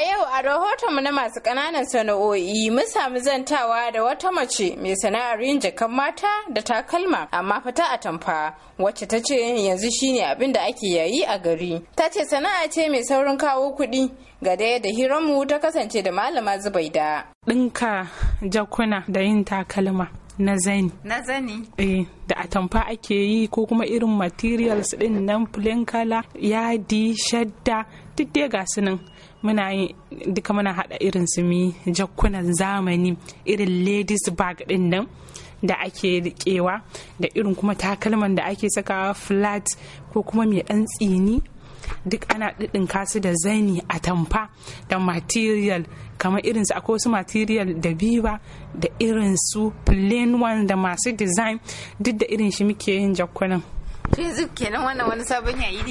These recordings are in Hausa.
A yau a rahotonmu na masu ƙananan sana'o'i mun samu zantawa da wata mace mai sana'ar yin jakan mata da takalma amma fata a tamfa wacce ta ce yanzu shine abin da ake yayi a gari. Ta ce sana'a ce mai saurin kawo kuɗi ga daya da yadda hiranmu ta kasance da malama zubaida. Ɗinka jakuna da yin takalma na zani na zani eh da atamfa ake yi ko kuma irin materials din nan plain kala yadi shadda duk dai ga su nan muna yin duka muna hada irin su mi jakkunan zamani irin ladies bag din nan da ake rikewa da irin kuma takalman da ake saka flat ko kuma mai dan tsini duk ana ɗiɗin kasu da zani atamfa da material kamar irin su akwai wasu material da biwa da irin su plain one da masu design duk da irin shi muke yin jakkunan facebook kenan wannan eh, sabon yayi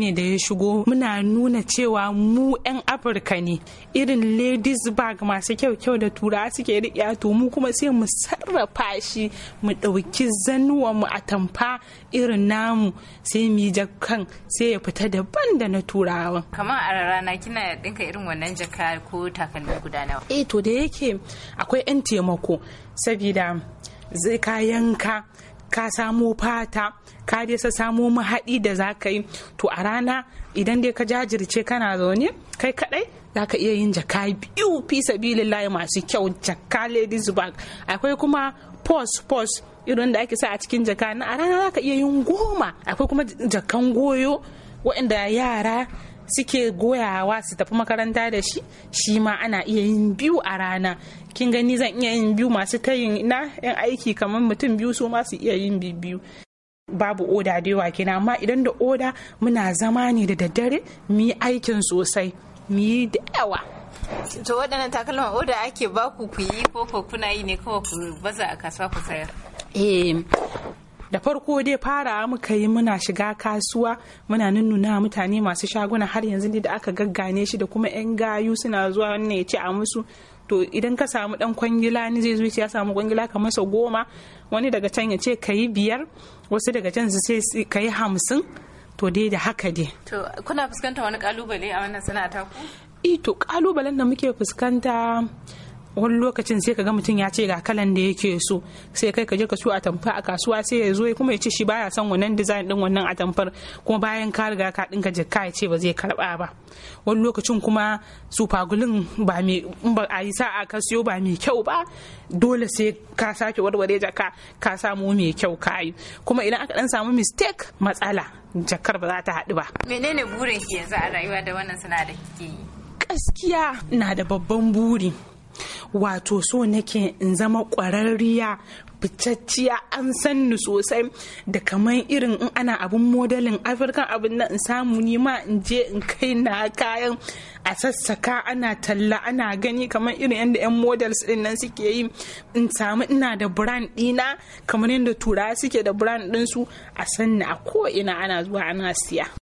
ne da ya shigo muna nuna cewa mu yan afirka ne irin ladies bag masu kyau kyau da tura suke riƙe to mu kuma sai mu sarrafa shi mu ɗauki zanuwa mu a tamfa irin namu sai mu yi jakan sai ya fita daban da na turawa kamar a rana kina ɗinka irin wannan jaka ko takalmi guda nawa eh to da yake akwai 'yan taimako sabida zai yanka ka samo fata ka dai sa samo mahaɗi da za ka yi to a rana idan dai ka jajirce kana zaune kai kaɗai za ka iya yin jaka biyu fi sabilillahi masu kyau jaka ladies bag akwai kuma pos pos irin da ake sa a cikin jaka na a rana za ka iya yin goma akwai kuma jakan goyo waɗanda yara suke goyawa su tafi makaranta da shi shi ma ana iya yin biyu a rana kin gani zan iya yin biyu masu tayin na yan aiki kamar mutum biyu su ma su iya yin biyu babu oda da yawa kenan amma idan da oda muna zama ne da daddare mu yi aikin sosai mu yi da yawa to waɗannan takalman oda ake baku ku yi ko kuna yi ne kawai ku baza a kasuwa ku sayar eh da farko dai fara muka yi muna shiga kasuwa muna nunnuna mutane masu shaguna har yanzu da aka gaggane shi da kuma 'yan gayu suna zuwa wannan ya ce a musu to idan ka samu dan kwangila ni zai zuci ya samu kwangila ka masa goma wani daga can ya ce ka yi biyar wasu daga can su ce ka yi hamsin to dai da haka dai to kuna fuskanta wani kalubale a wannan sana'a ta ku eh to kalubalen da muke fuskanta wani lokacin sai ka ga mutum ya ce ga kalan da yake so sai kai ka je ka so tamfa a kasuwa sai ya zo kuma ya ce shi baya son wannan design din wannan atamfar kuma bayan ka riga ka dinka jikka ya ce ba zai karba ba wani lokacin kuma supagulin ba mai ba a yi sa ka siyo ba mai kyau ba dole sai ka sake warware jaka ka samu mai kyau ka yi kuma idan aka dan samu mistake matsala jakar ba za ta haɗu ba menene burin ki yanzu a rayuwa da wannan sana'a da kike yi gaskiya na da babban buri wato so nake in zama kwararriya fitacciya an san ni sosai da kamar irin in ana abin modelin afirkan abin nan in samu ni ma in je in kai na kayan a sassaka ana talla ana gani kamar irin yadda yan models din nan suke yi in samu ina da brand dina kamar yadda turawa suke da brand din su a sanni a ko ina ana zuwa ana siya